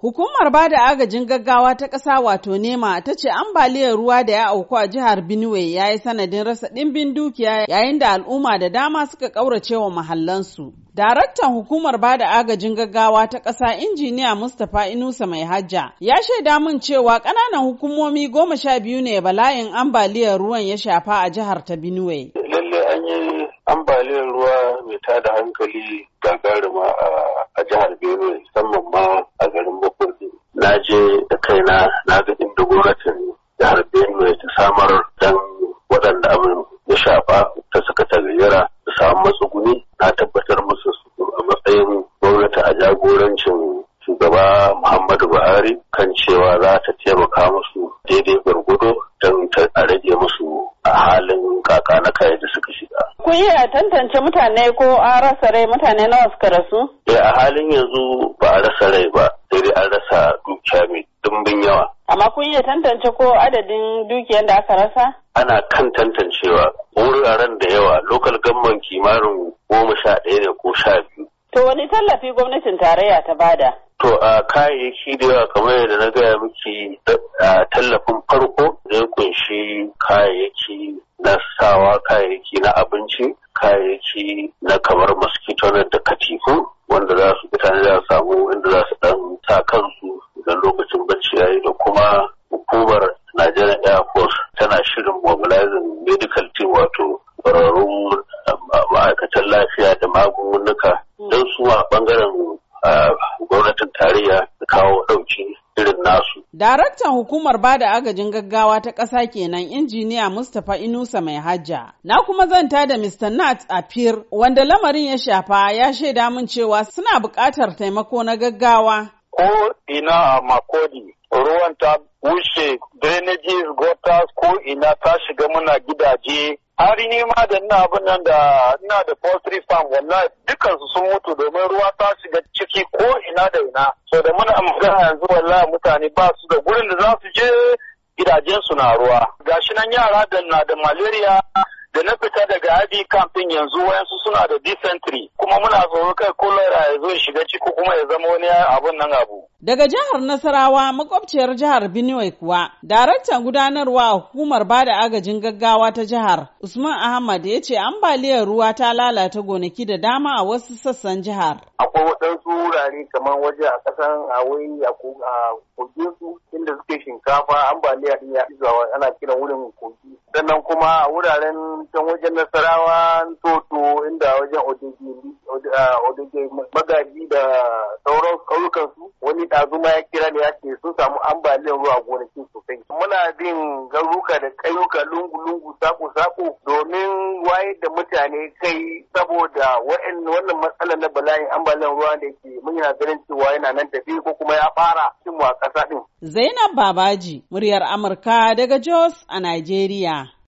Hukumar ba da agajin gaggawa ta ƙasa wato nema ta ce ambaliyar ruwa da ya auku a jihar Benue ya yi sanadin rasa ɗimbin dukiya yayin da al'umma da dama suka ƙaurace wa mahallansu. Daraktan hukumar ba da agajin gaggawa ta ƙasa injiniya Mustapha Inusa mai hajja ya shaida mun cewa ƙananan hukumomi goma sha biyu ne bala'in ambaliyar ruwan ya shafa a jihar ta Benue. Lallai an yi ambaliyar ruwa mai tada hankali gagaruma a jihar Benue. da kaina na ga inda gwamnatin jihar Benue ta samar dan waɗanda abin ya shafa ta saka tagayyara da samu matsuguni na tabbatar musu a matsayin gwamnati a jagorancin shugaba Muhammadu Buhari kan cewa za ta taimaka musu daidai gwargwado don a rage musu a halin kaka na kayan da suka shiga. Kun iya tantance mutane ko a rasa rai mutane nawa suka rasu? Eh a halin yanzu ba a rasa rai ba dai an rasa dukiya mai dimbin yawa. Amma kun iya tantance ko adadin dukiyar da aka rasa? Ana kan tantancewa wuraren da yawa lokal gamban kimanin goma sha ɗaya ne ko sha biyu. To wani tallafi gwamnatin tarayya ta bada? To a kayayyaki da yawa kamar yadda na gaya miki tallafin farko ya kunshi kayayyaki na sawa kayayyaki na abinci kayayyaki na kamar mosquito da katifu wanda za su mutane za su samu Air Force tana shirin mobilizing medical team wato ƙwararrun um, ma'aikatan lafiya da magungunuka don su a ɓangaren uh, gwamnatin tarayya da kawo ɗauki irin nasu. Daraktan hukumar bada agajin gaggawa ta ƙasa kenan injiniya Mustapha Inusa mai hajja. Na kuma zanta da Mr. Nat Apir wanda lamarin ya shafa ya shaida min cewa suna buƙatar taimako na gaggawa. Ko ina Makodi ruwan ta wuce drainages gutters ko ina ta shiga muna gidaje har ni ma da ina abin nan da ina da poultry farm wallahi dukkan su sun mutu domin ruwa ta shiga ciki ko ina da ina so da muna magana yanzu wallahi mutane ba su da gurin da za su je gidajen su na ruwa gashi nan yara da na da malaria da na fita daga adi campaign yanzu wayansu suna da dysentery kuma muna tsoro kai kolera ya zo shiga ciki kuma ya zama wani abun nan abu. Daga jihar Nasarawa makwabciyar jihar Benue kuwa daraktan gudanarwa hukumar bada agajin gaggawa ta jihar Usman Ahmad ya ce ambaliyar ruwa ta lalata gonaki da dama a wasu sassan jihar. Akwai waɗansu wurare kamar waje a ƙasan Awai a Kogesu inda suke shinkafa ambaliya ya ana kiran wurin kogi sannan kuma wuraren can wajen Nasarawa Toto inda wajen Odege eh, magaji da sauran ƙauyukan su wani ɗazuma ya kira ne ya ce sun samu ambaliyar ruwa gonakin sosai. Muna bin garuka da ƙauyuka lungu-lungu sako-sako domin wayar da mutane kai saboda wannan matsalar na bala'in ambaliyar ruwa da ke mun yana ganin cewa yana nan tafi ko kuma ya fara a ƙasa ɗin. Zainab Babaji, muryar Amurka daga Jos a Najeriya.